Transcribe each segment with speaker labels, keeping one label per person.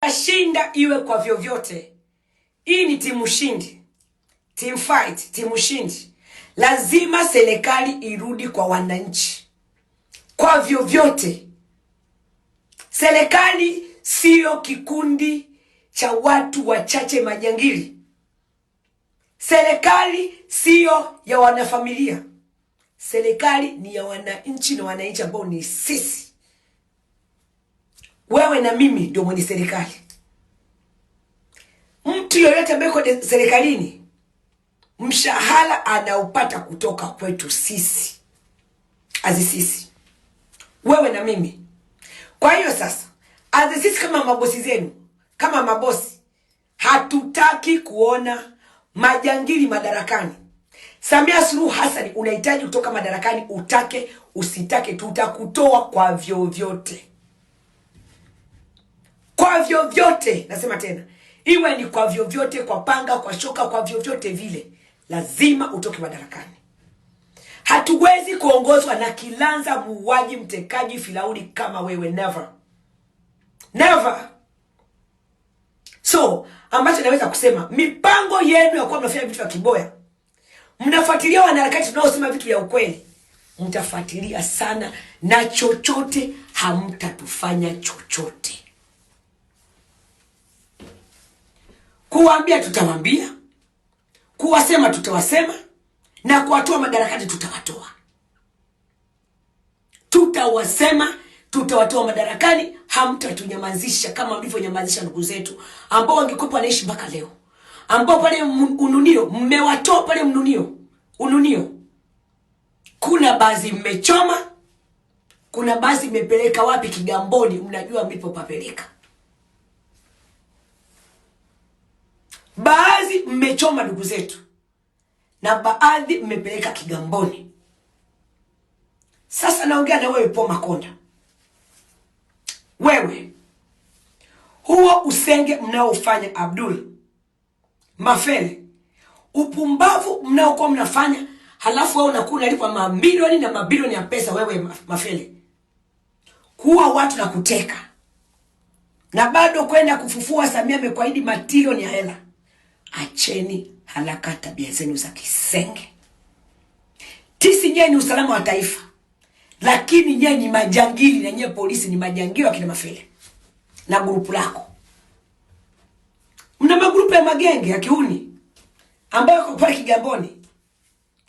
Speaker 1: Ashinda iwe kwa vyovyote. Hii ni timu shindi, team fight, timu shindi. Lazima serikali irudi kwa wananchi kwa vyovyote. Serikali siyo kikundi cha watu wachache majangili. Serikali siyo ya wanafamilia. Serikali ni ya wananchi, na wananchi ambao ni sisi wewe na mimi ndio mwenye serikali. Mtu yoyote ambaye kwenye serikalini mshahara anaupata kutoka kwetu sisi, azisisi wewe na mimi. Kwa hiyo sasa, azisisi kama mabosi zenu, kama mabosi, hatutaki kuona majangili madarakani. Samia Suluhu Hassan, unahitaji kutoka madarakani, utake usitake, tutakutoa kwa vyovyote kwa vyovyote, nasema tena, iwe ni kwa vyovyote, kwa panga, kwa shoka, kwa vyovyote vile, lazima utoke madarakani. Hatuwezi kuongozwa na kilanza, muuaji, mtekaji, filauni kama wewe. Never, never. So ambacho naweza kusema, mipango yenu ya kuwa mnafanya vitu vya kiboya, mnafuatilia wanaharakati tunaosema vitu vya ukweli, mtafuatilia sana, na chochote hamtatufanya chochote. kuwaambia tutawaambia, kuwasema tutawasema, na kuwatoa madarakani tutawatoa. Tutawasema, tutawatoa madarakani. Hamtatunyamazisha kama mlivyonyamazisha ndugu zetu ambao wangekuwa wanaishi mpaka leo, ambao pale Ununio mmewatoa pale Mnunio, Ununio kuna baadhi mmechoma, kuna baadhi mmepeleka wapi? Kigamboni, mnajua mlipopapeleka. baadhi mmechoma ndugu zetu na baadhi mmepeleka Kigamboni. Sasa naongea na wewe Paul Makonda, wewe huo usenge mnaofanya Abdul Mafele, upumbavu mnaokuwa mnafanya, halafu wewe unakuwa unalipwa mabilioni na mabilioni ya pesa, wewe Mafele, kuwa watu na kuteka na bado kwenda kufufua. Samia amekuahidi matilioni ya hela Acheni haraka tabia zenu za kisenge. Tisi nyewe ni usalama wa taifa, lakini nyee ni majangili, na nyewe polisi ni majangili. kina Mafele na grupu lako, mna magrupu ya magenge ya kihuni ambayo kwa pale Kigamboni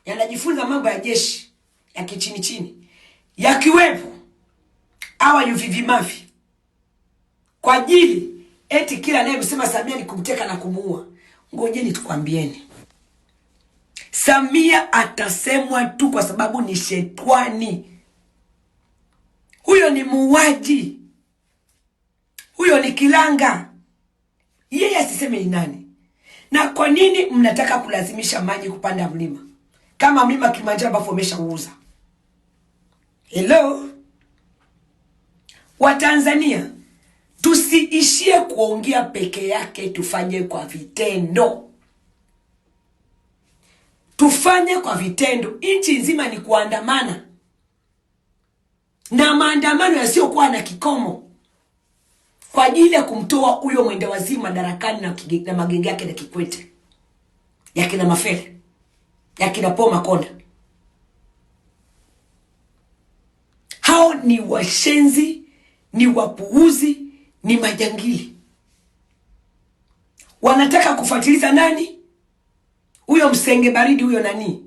Speaker 1: yanajifunza mambo ya jeshi ya kichini chini, yakiwepo awa yuvivi mafi kwa ajili eti kila msema Samia ni kumteka na kumuua ngojeni tukwambieni, Samia atasemwa tu kwa sababu ni shetwani. Huyo ni muuaji, huyo ni kilanga. Yeye asiseme ni nani. Na kwa nini mnataka kulazimisha maji kupanda mlima kama mlima Kilimanjaro ambavyo umeshauuza? Hello Watanzania, Tusiishie kuongea peke yake, tufanye kwa vitendo, tufanye kwa vitendo. Nchi nzima ni kuandamana na maandamano yasiyokuwa na kikomo kwa ajili ya kumtoa huyo mwenda wazimu madarakani na, na magenge yake na Kikwete yakina Mafele yakina Paul Makonda. Hao ni washenzi, ni wapuuzi ni majangili, wanataka kufuatiliza nani huyo msenge baridi huyo, nani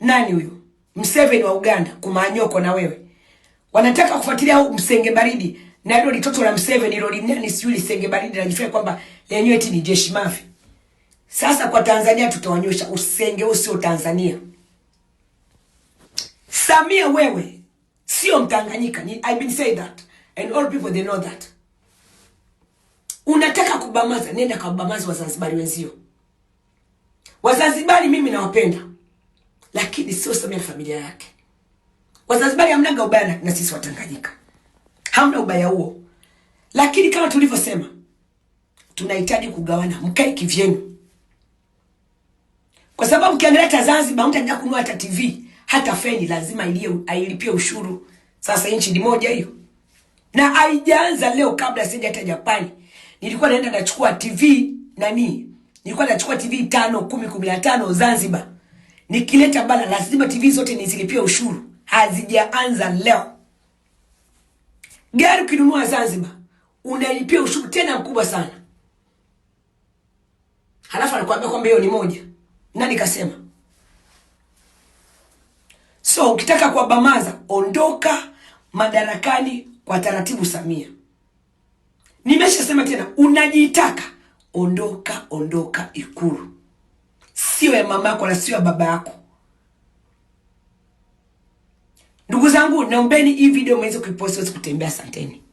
Speaker 1: nani huyo Mseveni wa Uganda, kumanyoko na wewe, wanataka kufuatilia msenge baridi na hilo litoto la Mseveni hilo linani, sijui lisenge baridi najifia kwamba lenyewe eti ni jeshi mafi. Sasa kwa Tanzania tutawanyosha usenge huo, sio Tanzania. Samia wewe sio Mtanganyika, ni, I've been say that And all people they know that. Unataka kubamaza, nenda kabamaza Wazanzibari wenzio. Wazanzibari mimi nawapenda, lakini sio Samia na familia yake. Wazanzibari hamnaga ubaya na na sisi Watanganyika, hamna ubaya huo, lakini kama tulivyosema, tunahitaji kugawana, mkae kivyenu, kwa sababu kiangeleta Zanzibar mtaenda kunua hata TV hata feni lazima ailipie ushuru. Sasa nchi ni moja hiyo na haijaanza leo. Kabla sija hata Japani, nilikuwa naenda nachukua TV nani, nilikuwa nachukua TV tano kumi kumi na tano Zanzibar, nikileta bala lazima TV zote nizilipie ushuru. Hazijaanza leo. Gari ukinunua Zanzibar unalipia ushuru tena mkubwa sana, halafu anakuambia kwamba hiyo ni moja na nikasema so ukitaka kuwabamaza ondoka madarakani kwa taratibu Samia. Nimeshasema tena, unajitaka ondoka, ondoka Ikulu, sio ya mama yako na sio ya baba yako. Ndugu zangu, naombeni hii video mweze kuiposti, kutembea. Asanteni.